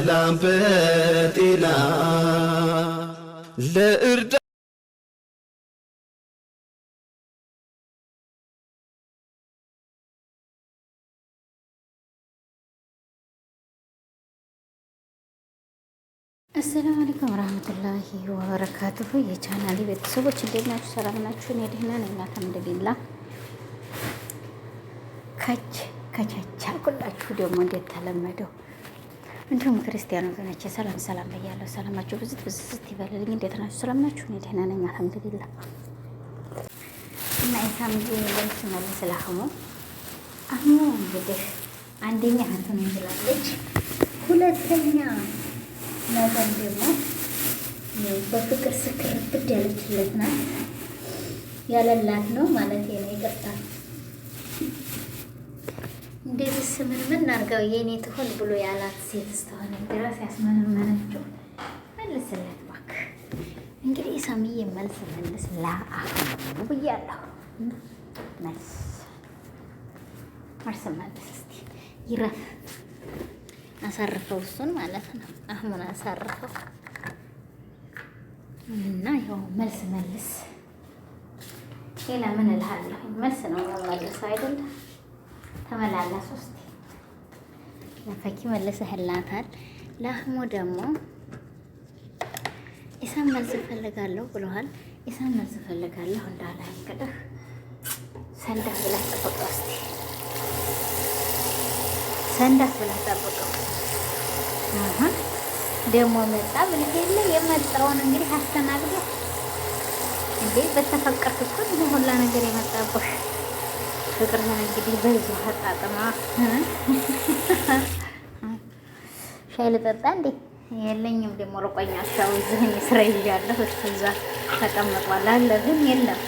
በሰላም በጤና ለእርዳ አሰላም አለይኩም ረህመቱላሂ ወበረካቱሁ። የቻናሌ ቤተሰቦች እንዴት ናችሁ? ሰላም ናችሁ? እኔ ደህና ነኝ አልሐምዱሊላህ። ከች ከቻቻ ኩላችሁ ደግሞ እንደተለመደው እንዲሁም ክርስቲያን ወገኖቼ ሰላም ሰላም ብያለሁ። ሰላማችሁ ብዝት ብዝት ይበልልኝ። እንዴት ናችሁ? ሰላም ናችሁ? እኔ ደህና ነኝ አልሐምዱሊላ። እና ኢሳም መልስ መልስ ላህሙ አህሙ እንግዲህ አንደኛ ህንትን እንችላለች፣ ሁለተኛ ነገር ደግሞ በፍቅር ስክር ብድ ያለችለት ናት ያለላት ነው ማለት ነው። ይቅርታ ስምንምን አድርገው የእኔ ትሆን ብሎ ያላት ሴት እስከሆነ ድረስ ያስመነመነችው መልስለት እባክህ። እንግዲህ ሰሚዬ መልስ መልስ ለአህሙ ብያለሁ። መልስ መልስ መልስ እስኪ ይረፍ። አሳርፈው እሱን ማለት ነው። አህሙን አሳርፈው እና ያው መልስ መልስ ሌላ ምን እልሃለሁ? መልስ ነው መመለስ አይደለም። ተመላለሱ እስኪ ፈኪ መልሰህላታል። ለአህሙ ደግሞ ኢሳም መልስ እፈልጋለሁ ብለዋል። ኢሳም መልስ እፈልጋለሁ እንዳለ እንግዲህ ሰንዳፍ ብላ ጠብቀው፣ እስኪ ሰንዳፍ ብላ ጠብቀው ደግሞ መጣ ብለህ የለ የመጣውን እንግዲህ አስተናግዶ እንዴ በተፈቀርክ እኮ ይህ ሁላ ነገር የመጣብህ ፍቅርህን እንግዲህ በዚሁ አጣጥማ ሻይ ልጠጣ እንዴ? የለኝም ደግሞ ርቆኛ ሻው ዝህን ስራ ይዣለሁ። እሱ እዛ ተቀምጧል አለ ግን የለም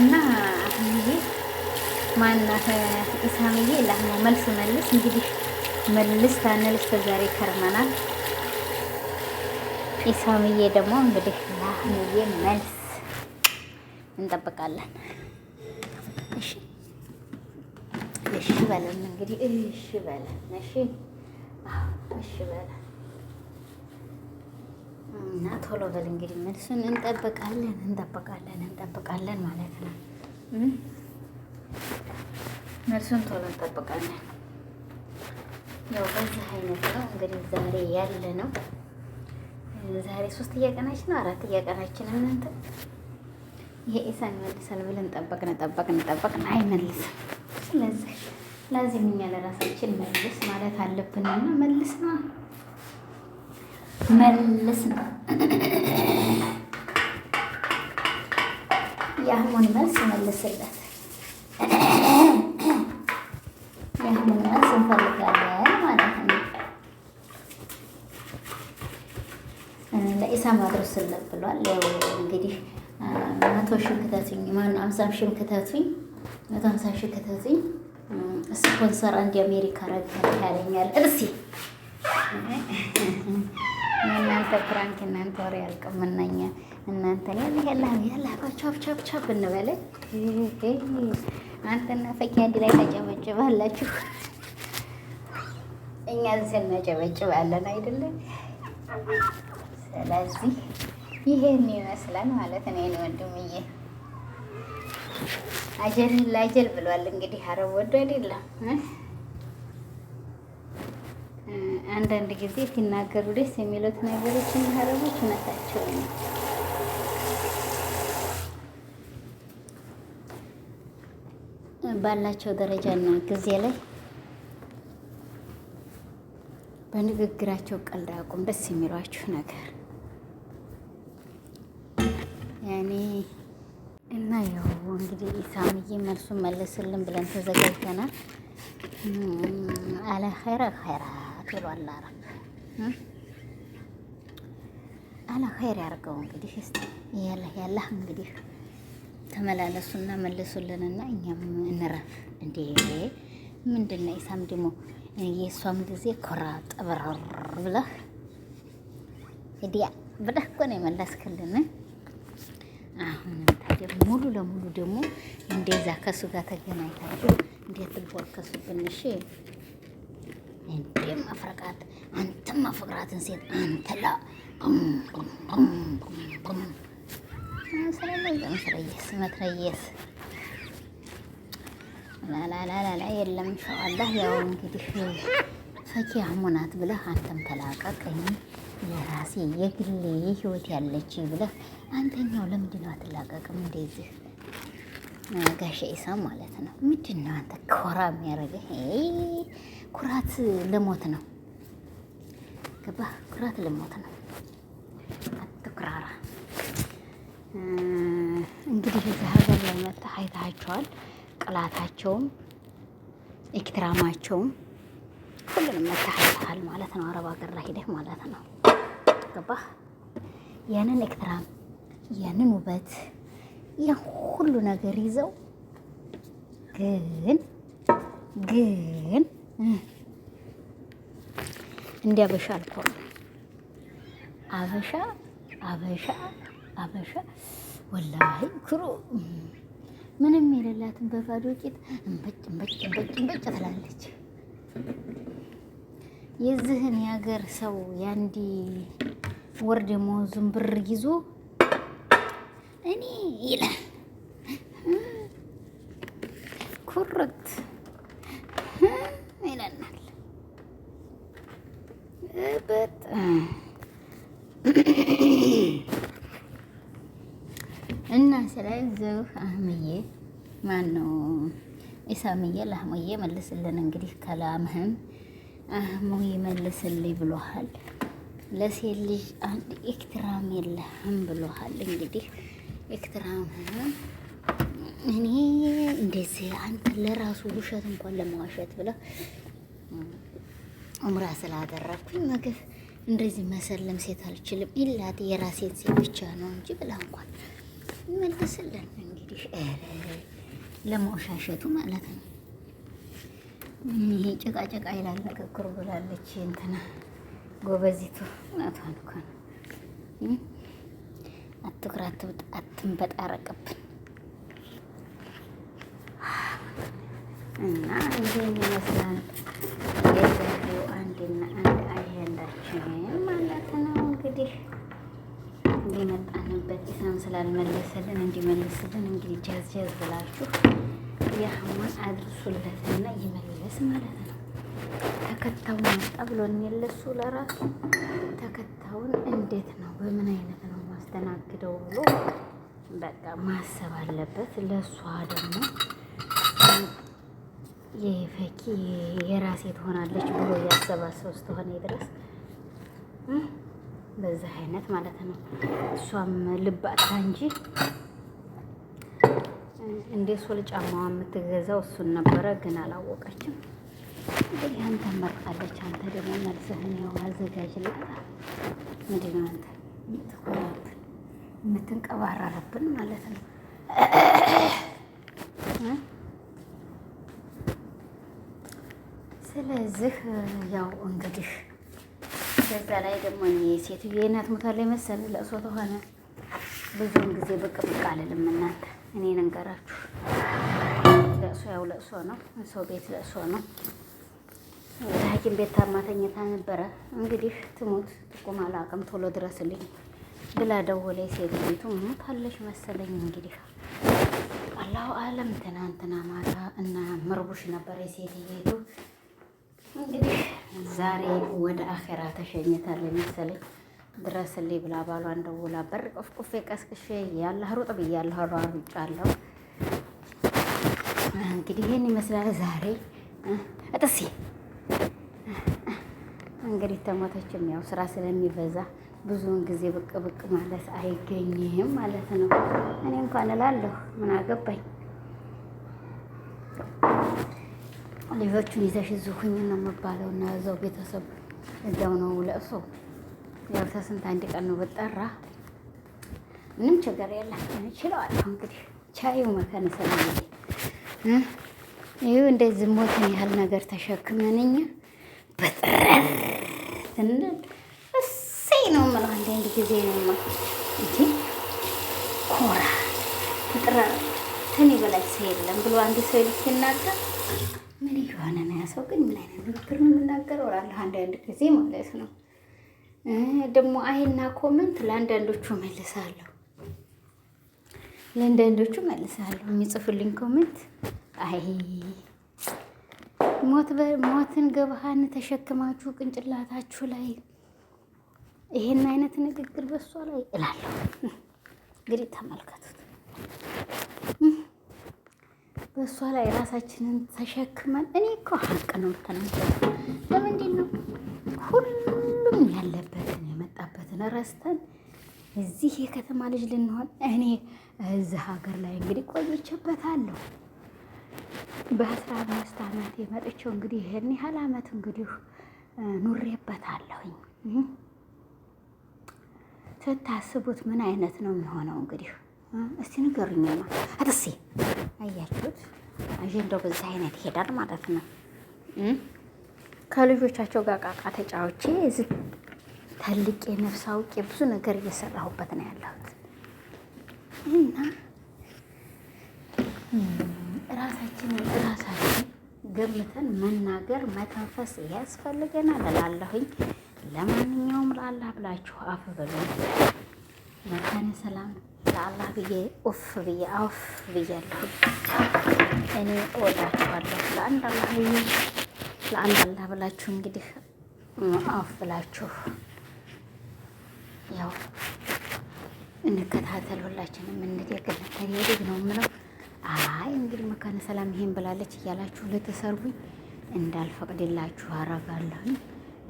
እና አህምዬ ማናት ኢሳምዬ ለአህሙ መልስ መልስ እንግዲህ መልስ ታንልስ ተዛሬ ከርመናል። ኢሳምዬ ደግሞ እንግዲህ ለአህሙዬ መልስ እንጠብቃለን። እሺ በለን እንግዲህ እሺ በለን እሺ እሺ በለን እና ቶሎ በል እንግዲህ መልሱን እንጠብቃለን እንጠብቃለን እንጠብቃለን ማለት ነው። መልሱን ቶሎ እንጠብቃለን። ያው በዚህ አይነት ነው እንግዲህ ዛሬ ያለ ነው። ዛሬ ሶስት እያቀናችን አራት እያቀናችን እናንተ ይሄ ኢሳን ይመልሳል ብለን ጠበቅን ጠበቅን ጠበቅን አይመልስም። ስለዚህ ለዚህም እኛ ለራሳችን መልስ ማለት አለብንና መልስ ነው መልስ ነው። የአህሙን መልስ መልስለት። የአህሙን መልስ እንፈልጋለን ማለት ነው። ለኢሳ አድርስለት ብሏል። እንግዲህ መቶ ሺህ ክተቱኝ ማነው አምሳም ሺህ ክተቱኝ መቶ አምሳ ሺህ ክተቱኝ ስፖንሰር አንድ የአሜሪካ ረጋ ያለኛል። እርሲ እናንተ ፍራንክ እናንተ ወሬ ያልቀምናኛ እናንተ ያለ ያለ ቻፕ ቻፕ ቻፕ እንበለ አንተና ፈኪ አንድ ላይ ተጨበጭባላችሁ። እኛ ዝል ነጨበጭባለን አይደለም። ስለዚህ ይሄን ይመስላል ማለት ነው ወንድምዬ። አጀል ላጀል ብሏል። እንግዲህ አረብ ወዶ አይደለም። አንዳንድ ጊዜ ሲናገሩ ደስ የሚሉት ነገሮች እና አረቦች እውነታቸው ነው። ባላቸው ደረጃና ጊዜ ላይ በንግግራቸው ቀልድ አቁም ደስ የሚሏችሁ ነገር ያኔ እና ያው እንግዲህ ኢሳምዬ መልሱን መልስልን ብለን ተዘጋጅተናል። አለ ኸይረ ኸይራት ብሏል አረብ አለ ኸይር ያርገው። እንግዲህ እስቲ ያለ ያለ እንግዲህ ተመላለሱና መልሱልንና እኛም እንረፍ። እንዴ ምንድን ነው ኢሳም ደግሞ የእሷም ጊዜ ኮራ ጠበረር ብለህ እዲያ ብለህ እኮ ነው የመለስክልን። አሁንም ታዲያ ሙሉ ለሙሉ ደግሞ እንደዛ ከሱ ጋር ተገናኝታችሁ እንዴት ትቧከሱብን? እሺ እንዴ መፍረቃት አንተም መፍቅራትን ሴት አንተላ ስረየስ መትረየስ ላላላላ የለም። ኢንሻአላህ ያው እንግዲህ ፈኪ አህሙናት ብለህ አንተም ተላቀቀኝ። የራሴ የግሌ ህይወት ያለች ብለህ አንተኛው ለምንድን ነው አትላቀቅም? እንደዚህ ጋሻ ኢሳ ማለት ነው። ምንድን ነው አንተ ኮራ የሚያደርገህ? ኩራት ለሞት ነው። ገባህ? ኩራት ለሞት ነው። አትኩራራ። እንግዲህ እዚህ ሀገር ላይ መጥተህ አይታቸዋል። ቅላታቸውም ኤክትራማቸውም ሁሉንም መታህል ማለት ነው። አረብ ሀገር ላይ ሄደህ ማለት ነው። ገባህ? ያንን ኤክትራም ያንን ውበት ያን ሁሉ ነገር ይዘው ግን ግን እንደ አበሻ አልኮል አበሻ አበሻ አበሻ ወላሂ ክሩ ምንም የሌላትን በባዶ ቂጥ እንበጭ እንበጭ እንበጭ እንበጭ ትላለች። የዚህን የሀገር ሰው ያንዲ ወር ደሞዙን ብር ይዞ እኔ ይላል ኩርት ይለናል። እና ስለዚህ አህምዬ ማን ነው ኢሳምዬ ለአህሙዬ መልስልን። እንግዲህ ከላምህም አህሙ ይመልስልኝ ብሎሃል። ለሴት ልጅ አንድ ኤክትራም የለህም ብሎሃል። እንግዲህ ኤክትራም እኔ እንደዚህ አንተ ለራሱ ውሸት እንኳን ለመዋሸት ብለህ ኡምራ ስላደረግኩኝ ምግብ እንደዚህ መሰለም ሴት አልችልም ኢላት የራሴት ሴት ብቻ ነው እንጂ ብላ እንኳን ይመልስልን። እንግዲህ ለመውሻሸቱ ማለት ነው። ይሄ ጭቃጭቃ ይላል ንግግሩ ብላለች እንትና ጎበዚቱ እውነቷን እኮ ነው። አትኩራ፣ አትንበጣረቅብን እና ይህን ይመስላል የዛሬው አንድና አንድ አጀንዳችንን ማለት ነው። እንግዲህ የመጣንበት ኢሳም ስላልመለሰልን እንዲመልስልን እንግዲህ ጃዝ ጃዝ ብላችሁ የአህሙን አድርሱለትና ይመልስ ማለት ነው። ተከታውን መጣ ብሎን የለሱ ለራሱ ተከታውን እንዴት ነው በምን አይነት ነው ማስተናግደው ብሎ በቃ ማሰብ አለበት። ለእሷ ደግሞ የፈኪ የራሴ ትሆናለች ብሎ ያሰባሰው ሰው እስከሆነ ድረስ በዚህ አይነት ማለት ነው። እሷም ልባታ እንጂ እንደ ሶል ጫማዋ የምትገዛው እሱን ነበረ፣ ግን አላወቀችም። እንግዲህ አንተ መርቃለች። አንተ ደግሞ መልስህን ያው አዘጋጅላት። ምንድን ነው አንተ የምትኮራት የምትንቀባረርብን ማለት ነው። ስለዚህ ያው እንግዲህ በዛ ላይ ደግሞ ሴትዮ እናት ሞታለች መሰል ለእሷ ተሆነ ብዙውን ጊዜ ብቅ ብቅ አልልም። እናንተ እኔ ልንገራችሁ፣ ለእሷ ያው ለእሷ ነው፣ ሰው ቤት ለእሷ ነው። ሐኪም ቤት ታማተኝታ ነበረ። እንግዲህ ትሙት ጥቁም አላውቅም ቶሎ ድረስልኝ ብላ ደወለ ሴትቤቱ። ሙታለች መሰለኝ እንግዲህ አላሁ አለም። ትናንትና ማታ እና ምርቡሽ ነበረ የሴትቤቱ። እንግዲህ ዛሬ ወደ አኼራ ተሸኝታለች መሰለኝ። ድረስልኝ ብላ ባሏን ደውላ በር ቆፍቆፌ ቀስቅሼ ያለህ ሩጥ ብያለሁ፣ ሯሩጫለሁ። እንግዲህ ይህን ይመስላል ዛሬ እጥሴ እንግዲህ ተሞተችም ያው ስራ ስለሚበዛ ብዙውን ጊዜ ብቅ ብቅ ማለት አይገኝህም ማለት ነው። እኔ እንኳን እላለሁ ምን አገባኝ ልጆቹን ይዘሽ እዚሁ ነው የምባለው እና እዛው ቤተሰብ እዛው ነው ለእሱ ያው ተስንት አንድ ቀን ነው ብጠራ ምንም ችግር የለም እችለዋለሁ። እንግዲህ ቻዩ መከነ ይህ እንደዚህ ሞትን ያህል ነገር ተሸክመንኛ በጥረትና እሰይ ነው የምለው። አንዳንድ ጊዜ ነው እንጂ ኮራ በጥረ ከኔ በላይ ሰው የለም ብሎ አንድ ሰው ልጅ ሲናገር ምን እየሆነ ነው ያ ሰው? ግን ምን አይነት ንግግር ነው የምናገር? ወራለሁ አንዳንድ ጊዜ ማለት ነው። ደግሞ አይና ኮመንት ለአንዳንዶቹ መልሳለሁ ለአንዳንዶቹ መልሳለሁ የሚጽፉልኝ ኮመንት አይ ሞትን ገብሃን ተሸክማችሁ ቅንጭላታችሁ ላይ ይሄን አይነት ንግግር በሷ ላይ እላለሁ። እንግዲህ ተመልከቱት። በእሷ ላይ ራሳችንን ተሸክመን እኔ እኮ ሀቅ ነው ተናገርኩ። ለምንድን ነው ሁሉም ያለበትን የመጣበትን ረስተን እዚህ የከተማ ልጅ ልንሆን? እኔ እዚህ ሀገር ላይ እንግዲህ ቆይቼበታለሁ። በአስራ አምስት አመት የመጥቼው እንግዲህ ይሄን ያህል አመት እንግዲህ ኑሬበታለሁኝ። ስታስቡት ምን አይነት ነው የሚሆነው? እንግዲህ እስቲ ንገሩኝማ። አትሴ አያችሁት፣ አጀንዳው በዛ አይነት ይሄዳል ማለት ነው። ከልጆቻቸው ጋር ቃቃ ተጫዎቼ እዚህ ተልቄ ነፍስ አውቄ ብዙ ነገር እየሰራሁበት ነው ያለሁት እና ገምተን መናገር መተንፈስ ያስፈልገናል እላለሁኝ። ለማንኛውም ለአላህ ብላችሁ አፍ በሉ። መካነ ሰላም ለአላህ ብዬ ኡፍ ብዬ አውፍ ብያለሁ። እኔ እወዳችኋለሁ። ለአንድ አላህ ብዬ ለአንድ አላህ ብላችሁ እንግዲህ አፍ ብላችሁ ያው እንከታተል፣ ሁላችንም እንደግ ነው የምለው አይ እንግዲህ መካነ ሰላም ይሄን ብላለች እያላችሁ ልትሰርቡኝ እንዳልፈቅድላችሁ አረጋለሁ።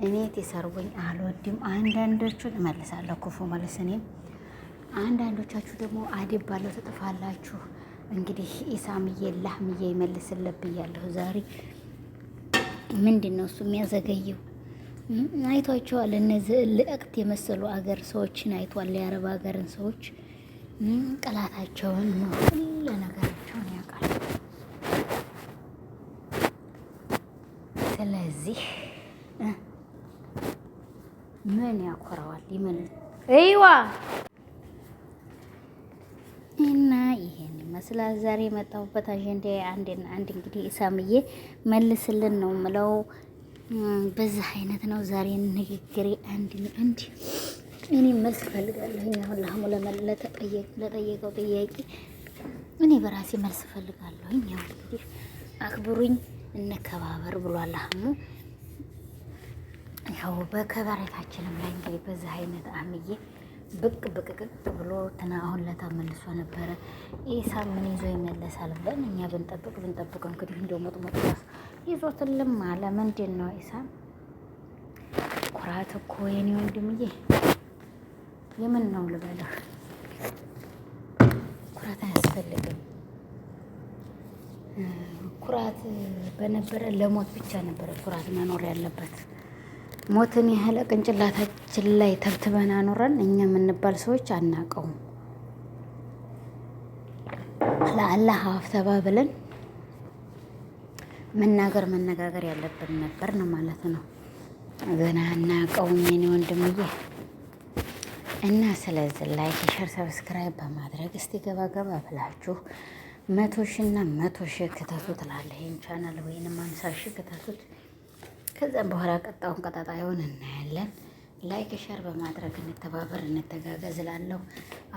እኔ ትሰርቡኝ አልወድም። አንዳንዶቹን እመልሳለሁ ክፉ መልስ እኔም አንዳንዶቻችሁ ደግሞ አድብ ባለው ትጥፋላችሁ። እንግዲህ ኢሳምዬ ላህምዬ ይመልስልብ እያለሁ ዛሬ ምንድን ነው እሱ የሚያዘገየው? አይቷቸዋል። እነዚህ ልዕቅት የመሰሉ አገር ሰዎችን አይቷል። የአረብ ሀገርን ሰዎች ቅላታቸውን ሁሉ ነገር ስለዚህ ምን ያኮረዋል ይምን ይዋ እና ይሄን ይመስላል ዛሬ የመጣሁበት አጀንዳ አንድና አንድ እንግዲህ ኢሳምዬ መልስልን ነው ምለው። በዚህ አይነት ነው ዛሬ ንግግሬ። አንድ አንድ እኔ መልስ እፈልጋለሁ። አሁን ለአህሙ ለጠየቀው ጥያቄ እኔ በራሴ መልስ እፈልጋለሁ። ያው እንግዲህ አክብሩኝ፣ እንከባበር ብሏል አህሙ። ያው በከበሬታችንም ላይ እንግዲህ በዚህ አይነት አምዬ ብቅ ቅጥ ብሎ ትና አሁን ለታ መልሶ ነበረ። ኢሳ ምን ይዞ ይመለሳል ብለን እኛ ብንጠብቅ ብንጠብቅ እንግዲህ እንደው ሞጥሞጥ ራስ ይዞትልም አለ። ምንድን ነው ኢሳም ኩራት እኮ የኔ ወንድምዬ፣ የምን ነው ልበልህ፣ ኩራት አያስፈልግም። ኩራት በነበረ ለሞት ብቻ ነበረ ኩራት መኖር ያለበት። ሞትን ያህል ቅንጭላታችን ላይ ተብትበን አኖረን እኛ የምንባል ሰዎች አናውቀውም። ለአላህ ሀፍተባ ብለን መናገር መነጋገር ያለብን ነበር ነው ማለት ነው። ገና አናውቀውም የኔ ወንድምዬ እና ስለዚህ ላይክ፣ ሸር፣ ሰብስክራይብ በማድረግ እስቲ ገባ ገባ ብላችሁ መቶ ሺ እና መቶ ሺ ክተቱት ላለህ ይህን ቻናል ወይንም አምሳ ሺ ክተቱት ከዛም በኋላ ቀጣውን ቀጣጣዩን እናያለን። ላይክ ሸር በማድረግ እንተባበር፣ እንተጋገዝ እላለሁ።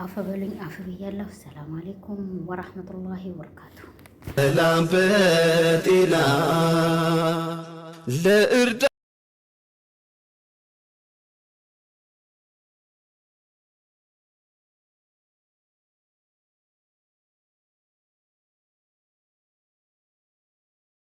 አፈ በሉኝ፣ አፍ ብያለሁ። ሰላም አሌይኩም ወራህመቱላሂ ወበረካቱ። ሰላም በጤና ለእርዳ